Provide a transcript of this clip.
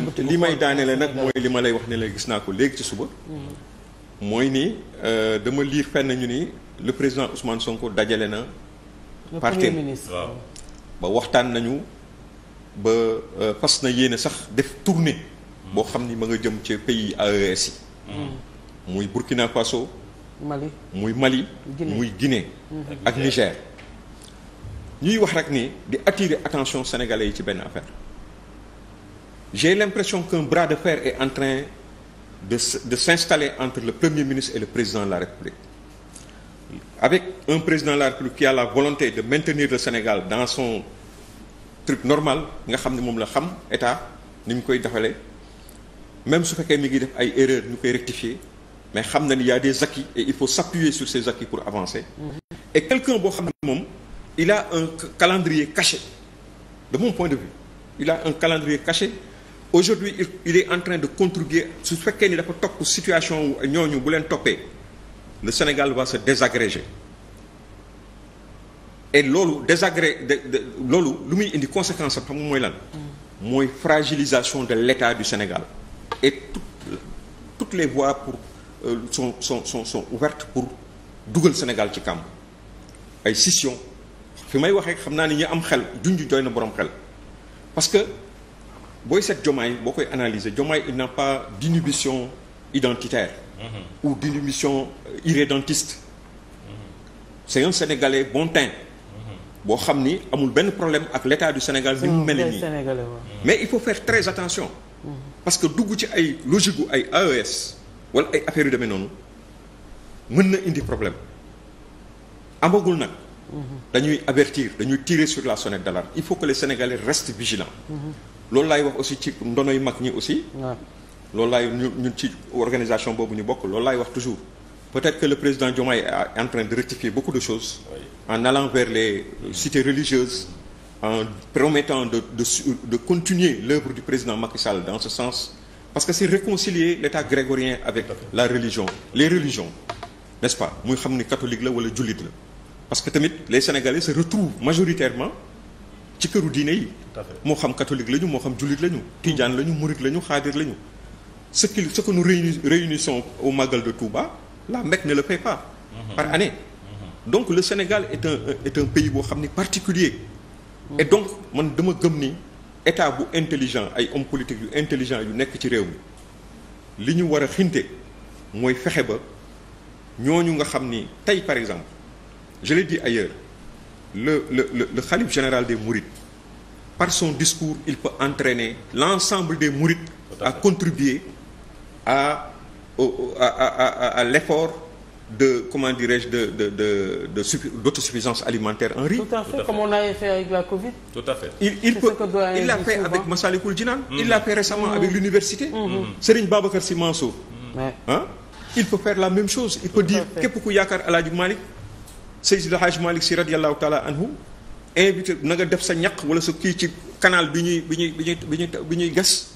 li may daaneele nag mooy li ma lay wax ne la gis naa ko léegi ci suba. mooy ni euh, dama liir fen ñu ni le président Ousmane Sonko dajale na. parti ba waxtaan nañu ba euh, fas na yéene sax def tournée. boo xam ni ma nga jëm ca pays AES yi. Mm-hmm. muy Burkina Faso. Mali muy Mali. muy Guinée. Mm-hmm. ak Niger. ñuy wax rek nii di attirer attention sénégalais yi ci benn affaire. j'ai l'impression qu'un bras de fer est en train de de s'installer entre le Premier ministre et le président de la République avec un président de la République qui a la volonté de maintenir le Sénégal dans son truc normal nga xam ne moom la xam état ni mu koy defalee même su fekkee mi ngi def ay erreurs ñu koy rectifier mais xam na ni y a des acquis et il faut s'appuyer sur ces acquis pour avancer et quelqu'un boo xam ne moom il un calendrier caché de de vue il a un calendrier caché aujourd'hui il est en train de contribuer su fekkee ni dafa topp situation ñooñu bu leen toppee le Sénégal va se désagréger et loolu désagré loolu lu muy indi conséquence xam nga mooy lan mm. mooy fragilisation de l'État du Sénégal et toutes toutes les voies pour son euh, sont son sont sont ouvertes pour dugal Sénégal ci kamb ay scission fi may waxee xam naa ni ñu am xel junj doy na borom xel booy seet Diomaye boo koy analyser Diomaye il n'a pas d'inhibition identitaire mmh. ou d'inhibition euh, irrédentiste mm-hmm. c'est un Sénégalais bon teint mm-hmm. boo xam ni amul benn problème ak l'état du Sénégal ni mu mm, mel nii mm-hmm. mais il faut faire très attention parce que dugg ci ay logique gu ay AES wala ay affaires deme noonu mën na indi problème amagul nag dañuy avertir dañuy tirer sur la sonnette d'alarme il faut que les Sénégalais restent vigilants loolu laay wax aussi ci ndono yu mag ñi aussi. loolu lay ñu ñun ci organisation boobu ñu bokk loolu laay wax toujours peut-être que le président Diomaye est en train de rectifier beaucoup de choses. en allant vers les cités religieuses. en promettant de de de continuer l'œuvre du président Macky Sall dans ce sens parce que c'est réconcilier l'État grégorien avec la religion les religions n'est-ce pas muy xam ni catholique la wala jullit la parce que tamit les Sénégalais se retrouvent majoritairement ci këru diine moo xam catholique lañu moo xam jullit lañu. tijaan lañu murit lañu xaadir lañu. ce qui ce que nous réunissons au Magal de Touba la Mecque ne la paie pas. Mm-hmm. par année. Mm-hmm. donc le Sénégal est un est boo xam ni particulier et donc man dama gëm ni état bu intelligent ay hommes politiques yu intelligent yu nekk ci réew mi li ñu war a xinte mooy fexe ba ñooñu nga xam ni tey par exemple je l'ai dit ailleurs le le le le général des mourides par son discours il peut entraîner l'ensemble des mourides à, à contribuer à au, à, l'effort de comment dirais-je de de de de d'autosuffisance alimentaire en riz. Tout à fait, Tout à comme fait. on la Covid. Tout à fait. Il il peut il l'a fait souvent. avec Massalikul Jinan, mm-hmm. il l'a fait récemment avec mm-hmm. l'université. Mm-hmm. Serigne Babacar Sy Mansour. Il peut faire la même chose, il peut dire képp ku yaakaar El Hadj Malick, Seydi El Hadj Malick Sy radiyallahu ta'ala anhu. invité na nga def sa ñaq wala sa kii ci canal bi ñuy bi ñuy bi ñuy bi ñuy gas